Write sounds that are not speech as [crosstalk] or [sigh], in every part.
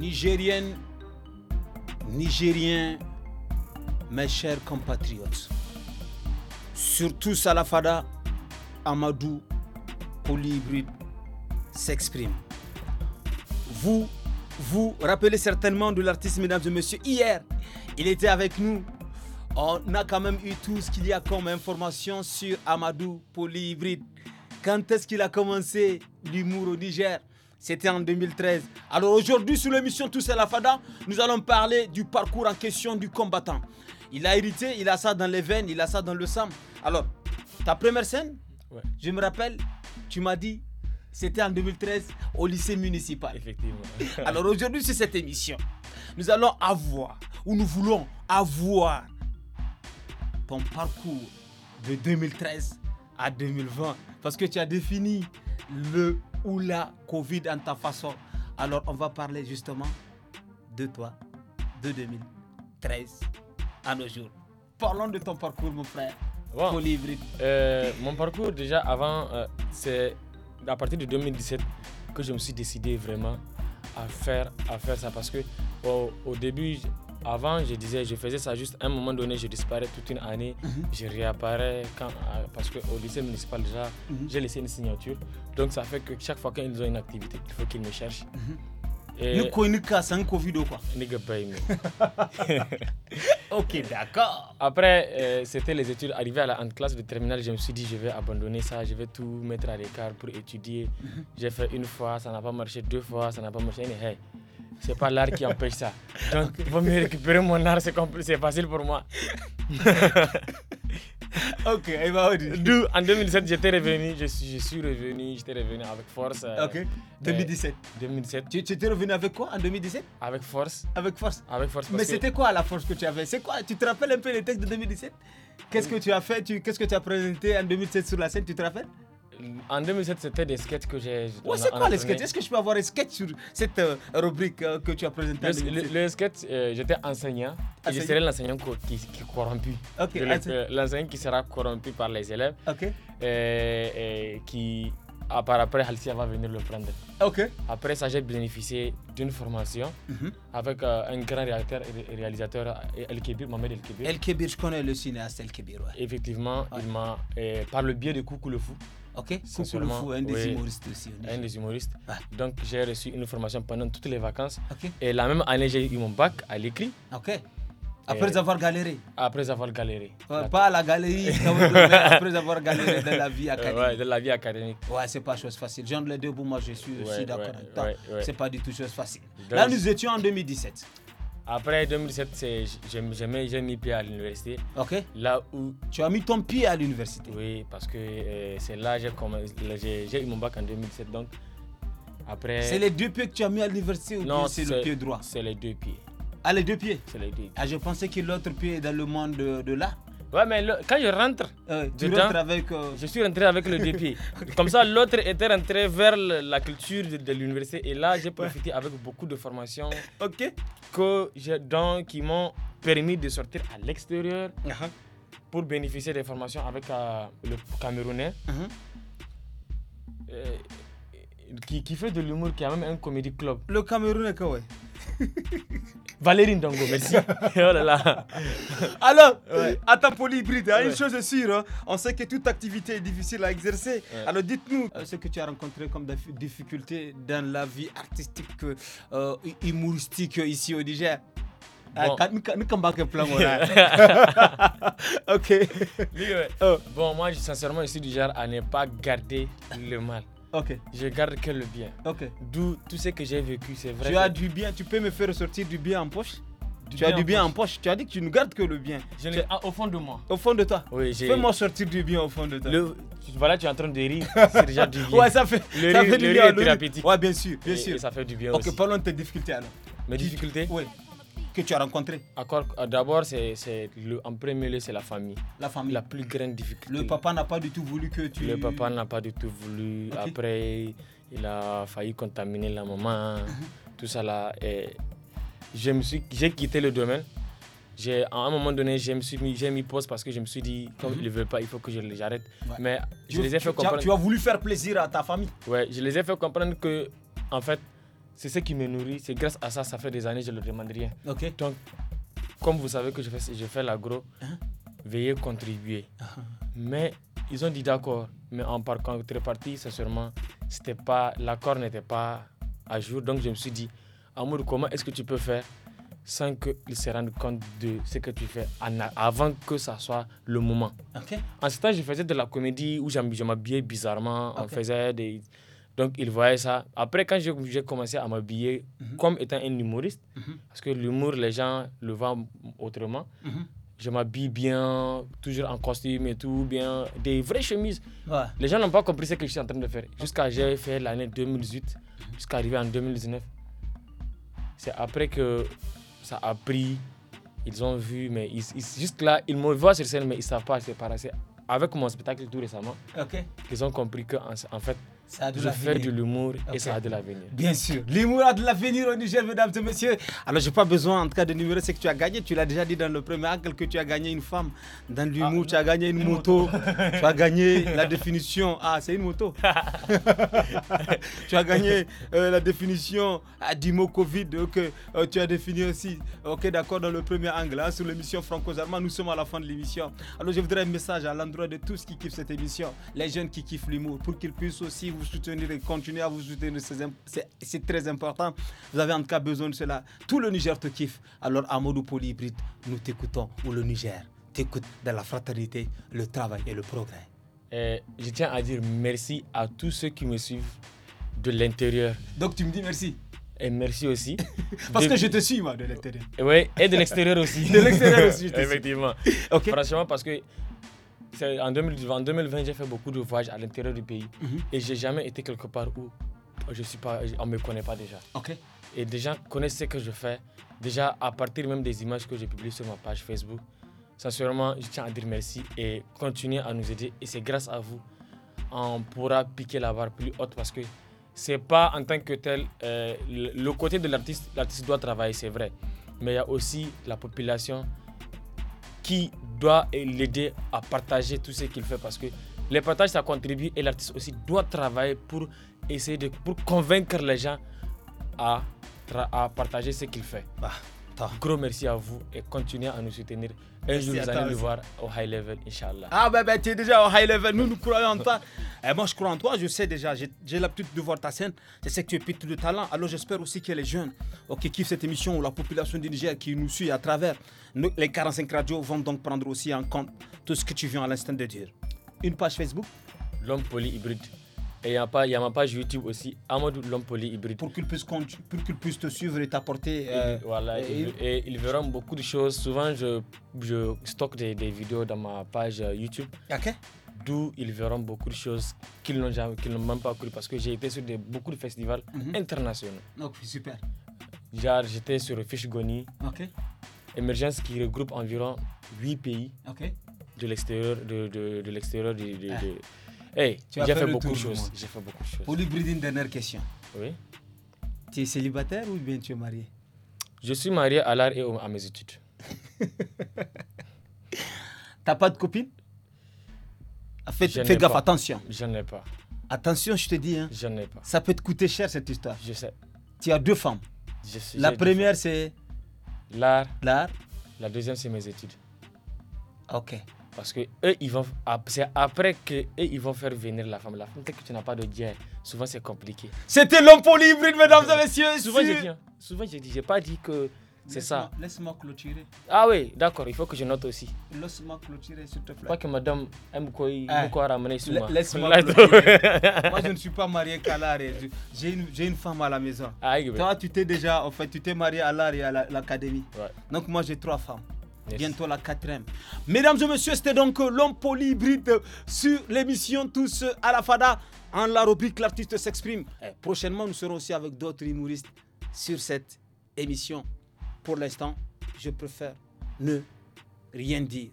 Nigérienne, nigérien, mes chers compatriotes, surtout Salafada, Amadou, Polyhybride s'exprime. Vous vous rappelez certainement de l'artiste, mesdames et messieurs. Hier, il était avec nous. On a quand même eu tout ce qu'il y a comme information sur Amadou Polyhybride. Quand est-ce qu'il a commencé l'humour au Niger c'était en 2013. Alors aujourd'hui, sur l'émission Tous à la Fada, nous allons parler du parcours en question du combattant. Il a hérité, il a ça dans les veines, il a ça dans le sang. Alors, ta première scène, ouais. je me rappelle, tu m'as dit, c'était en 2013 au lycée municipal. Effectivement. [laughs] Alors aujourd'hui, sur cette émission, nous allons avoir, ou nous voulons avoir, ton parcours de 2013 à 2020. Parce que tu as défini le ou la Covid en ta façon. Alors on va parler justement de toi, de 2013 à nos jours. Parlons de ton parcours mon frère. Euh, mon parcours déjà avant, euh, c'est à partir de 2017 que je me suis décidé vraiment à faire, à faire ça parce que au, au début, avant, je disais, je faisais ça juste à un moment donné, je disparais toute une année, mhm. je réapparais quand, parce qu'au lycée municipal déjà, mhm. j'ai laissé une signature. Donc ça fait que chaque fois qu'ils ont une activité, il faut qu'ils me cherchent. Mm -hmm. c'est un Covid ou Covid quoi [laughs] [laughs] ok d'accord après euh, c'était les études arrivé à la en classe de terminale je me suis dit je vais abandonner ça je vais tout mettre à l'écart pour étudier mhm. j'ai fait une fois ça n'a pas marché deux fois ça n'a pas marché mais hey c'est pas l'art qui empêche ça. Donc, il vaut récupérer mon art, c'est facile pour moi. [laughs] ok, et bah, en 2007, j'étais revenu, je suis, je suis revenu, j'étais revenu avec force. Euh, ok, 2017. 2017. Tu, tu étais revenu avec quoi en 2017 Avec force. Avec force Avec force. Mais c'était quoi la force que tu avais C'est quoi Tu te rappelles un peu les textes de 2017 Qu'est-ce que tu as fait Qu'est-ce que tu as présenté en 2007 sur la scène Tu te rappelles en 2007, c'était des sketchs que j'ai. Ouais, c'est quoi les sketchs Est-ce que je peux avoir un sketch sur cette euh, rubrique euh, que tu as présentée e? euh, Le, le, sketch, j'étais enseignant. Et je serais l'enseignant qui, corrompu. l'enseignant qui sera corrompu par les élèves. Ok. Et, qui, à ah, après, Halcia va venir le prendre. Ok. Après ça, j'ai bénéficié d'une formation mhm. avec un grand réacteur et réalisateur, El Kebir, Mohamed El Kebir. El Kebir, je connais le cinéaste El Kebir, Effectivement, il m'a, par le biais de Coucou le Fou, Ok, c'est le un des humoristes aussi. Un des humoristes. Ah. Donc j'ai reçu une formation pendant toutes les vacances. Et la même année, j'ai eu mon bac à l'écrit. Ok. Après avoir galéré. Après avoir galéré. pas à la galerie, [laughs] après avoir galéré dans la vie académique. Ouais, la vie académique. Ouais, c'est pas chose facile. Jean les deux, moi je suis, aussi suis d'accord. c'est pas du tout chose facile. Là, nous étions en 2017. Après 2007, j'ai mis pied à l'université. Ok. Là où. Tu as mis ton pied à l'université Oui, parce que euh, c'est là que j'ai eu mon bac en 2007. Donc, après. C'est les deux pieds que tu as mis à l'université ou non, c'est le pied droit C'est les deux pieds. Ah, les deux pieds C'est les deux Ah, je pensais que l'autre pied est dans le monde de là Ouais, mais quand je rentre, euh, euh, je suis rentré avec le dépit. [laughs] Comme ça, l'autre était rentré vers la culture de, l'université. Et là, j'ai profité avec beaucoup de formations ok que donc, qui m'ont permis de sortir à l'extérieur uh-huh. pour bénéficier des formations avec euh, le Camerounais. Uh-huh. qui, fait de l'humour, qui a même un comédie club. Le Camerounais, quoi, [laughs] Valérie Ndongo, merci. [laughs] oh Alors, à ta polyhybride, hein, une chose est sûre, hein, on sait que toute activité est difficile à exercer. Alors, dites-nous euh, ce que tu as rencontré comme difficulté dans la vie artistique, et euh, humoristique euh, ici au Niger. Bon. ok. Bon, moi, sincèrement, je suis du genre à ne pas garder le mal. Ok. Je garde que le bien. Ok. D'où tout ce que j'ai vécu, c'est vrai. Tu as du bien, tu peux me faire ressortir du bien en poche tu as du bien en poche. Tu as dit que tu ne gardes que le bien. Je au fond de moi. Au fond de toi. Oui, j'ai. Fais-moi sortir du bien au fond de toi. Voilà, tu es en train de rire. [laughs] C'est déjà du bien. ouais, ça fait, le ça rire, fait du bien. Le rire est thérapeutique. Ouais, bien sûr, bien et, sûr. ça fait du bien okay, aussi. Ok, parlons de tes difficultés alors. Mes difficultés Oui que tu as rencontré D'abord, c'est en premier lieu, c'est la famille. La famille. La plus grande difficulté. Le papa n'a pas du tout voulu que tu. Le papa n'a pas du tout voulu. Après, il a failli contaminer la maman. [laughs] Tout ça là. Et me suis, j'ai quitté le domaine. J'ai, à un moment donné, j'ai mis, j'ai mis pause parce que je me suis dit, comme mhm. il ne veut pas, il faut que je Mais je les ai fait comprendre. Tu as, tu as voulu faire plaisir à ta famille. Ouais, je les ai fait comprendre que, en fait, c'est ce qui me nourrit. C'est grâce à ça, ça fait des années, je ne le demande rien. Donc, comme vous savez que je fais, je fais l'agro, hein? veillez veuillez contribuer. Ah, ah. Mais ils ont dit d'accord, mais en parti contrepartie, sûrement c'était pas, l'accord n'était pas à jour. Donc, je me suis dit, Amour, comment est-ce que tu peux faire sans qu'ils se rendent compte de ce que tu fais avant que ça soit le moment. En ce temps, je faisais de la comédie où je m'habillais bizarrement, on faisait des, donc, ils voyaient ça. Après, quand j'ai commencé à m'habiller mhm. comme étant un humoriste, mhm. parce que l'humour, les gens le voient autrement, mhm. je m'habille bien, toujours en costume et tout, bien, des vraies chemises. Les gens n'ont pas compris ce que je suis en train de faire. Jusqu'à j'ai fait l'année 2018, jusqu'à arriver en 2019. C'est après que ça a pris, ils ont vu, mais ils, juste là, ils me voient sur scène, mais ils ne savent pas, c'est par Avec mon spectacle tout récemment, qu'ils ils ont compris qu'en en fait, ça a de je fais de l'humour et ça a de l'avenir. Bien sûr. L'humour a de l'avenir au Niger, mesdames et messieurs. Alors, je n'ai pas besoin, en tout cas, de numéro, c'est que tu as gagné. Tu l'as déjà dit dans le premier angle que tu as gagné une femme. Dans ah, l'humour, tu as gagné une, moto. [laughs] tu as gagné la définition. Ah, c'est une moto. [laughs] tu as gagné euh, la définition ah, du mot Covid que euh, tu as défini aussi. Ok, d'accord, dans le premier angle. Hein, sur l'émission franco allemand nous sommes à la fin de l'émission. Alors, je voudrais un message à l'endroit de tous qui kiffent cette émission, les jeunes qui kiffent l'humour, pour qu'ils puissent aussi vous vous soutenir et continuer à vous soutenir. C'est très important. Vous avez en tout cas besoin de cela. Tout le Niger te kiffe. Alors, Amadou Polyhybride, nous t'écoutons. Ou le Niger t'écoute dans la fraternité, le travail et le progrès. et eh, je tiens à dire merci à tous ceux qui me suivent de l'intérieur. Donc, tu me dis merci et merci aussi. [laughs] Parce que je te suis, moi, de l'intérieur Oui, et de l'extérieur aussi. de l'extérieur aussi, [laughs] Effectivement. Ok. Franchement, parce que en, 2020, 2020 j'ai fait beaucoup de voyages à l'intérieur du pays et mhm. je et j'ai jamais été quelque part où je suis pas, on ne me connaît pas déjà. OK. Et déjà, gens connaissent ce que je fais, déjà à partir même des images que j'ai publiées sur ma page Facebook. Sincèrement, je tiens à dire merci et continuer à nous aider. Et c'est grâce à vous, on pourra piquer la barre plus haute parce que c'est pas en tant que tel, euh, le côté de l'artiste, l'artiste doit travailler, c'est vrai. Mais il y a aussi la population, qui doit l'aider à partager tout ce qu'il fait parce que les partages, ça contribue et l'artiste aussi doit travailler pour essayer de convaincre les gens à, partager ce qu'il fait. Bah. Gros merci à vous et continuez à nous soutenir. Un jour, vous allez nous voir au high level, Inch'Allah. Ah, ben, ben, tu es déjà au high level. Nous, nous croyons en toi. Et eh, moi, je crois en toi. Je sais déjà. J'ai l'habitude de voir ta scène. Je sais que tu es pétri de talent. Alors, j'espère aussi que les jeunes qui kiffent cette émission ou la population du Niger qui nous suit à travers les 45 radios vont donc prendre aussi en compte tout ce que tu viens à l'instant de dire. Une page Facebook. L'homme polyhybride. Et il y, a ma page YouTube aussi, Amadou Lompoli Hybride. Pour qu'ils puissent, puissent, te suivre et t'apporter. Euh, voilà, et, ils verront beaucoup de choses. Souvent, je, je stocke des, des vidéos dans ma page euh, YouTube. Ok d'où ils verront beaucoup de choses qu'ils n'ont jamais, même pas crues. parce que j'ai été sur beaucoup de festivals mhm. internationaux. Donc super. Genre j'étais sur Fish Goni, Ok. émergence qui regroupe environ 8 pays Ok. de l'extérieur de, l'extérieur de, de ah. Hey, tu as fait, beaucoup de choses. J'ai fait beaucoup de choses. Pour lui une dernière question. Oui. Tu es célibataire ou bien tu es marié Je suis marié à l'art et à mes études. [laughs] T'as pas de copine ah, Fais, gaffe, attention. Je ai pas. Attention, je te dis. Hein. Je ai pas. Ça peut te coûter cher cette histoire. Je sais. Tu as deux femmes. Je la première, c'est. L'art. L'art. La deuxième, c'est mes études. Ah, ok. Parce que eux, ils vont, c'est après eux ils vont faire venir la femme. La femme, que tu n'as pas de dire, souvent c'est compliqué. C'était l'homme polyhybride, mesdames et messieurs. Souvent, j'ai dit, hein. souvent, j'ai dit, j'ai pas dit que c'est ça. Laisse-moi clôturer. Ah oui, d'accord, il faut que je note aussi. Laisse-moi clôturer, s'il te plaît. Pas que madame aime quoi, ah. ramener sur moi. Laisse-moi clôturer. moi, je ne suis pas marié qu'à l'arrière. J'ai une, femme à la maison. Ah, Toi, tu t'es déjà, en fait, tu t'es marié à et à l'académie. Donc, moi, j'ai trois femmes. Bientôt la quatrième. Mesdames et messieurs, c'était donc euh, l'homme polyhybride euh, sur l'émission Tous à la Fada. En la rubrique, l'artiste s'exprime. Eh, prochainement, nous serons aussi avec d'autres humoristes sur cette émission. Pour l'instant, je préfère ne rien dire.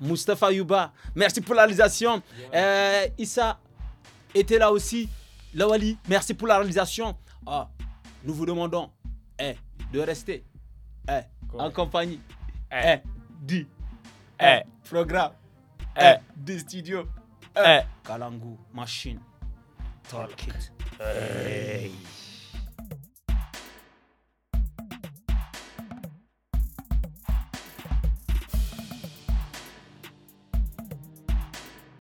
Mustafa Yuba, merci pour la réalisation. Euh, Issa était là aussi. Lawali, merci pour la réalisation. Ah, nous vous demandons eh, de rester eh, en compagnie Eh. Programme. Eh. eh. eh di Studio. Eh, eh. Kalangu. Machine. Talk it. Hey.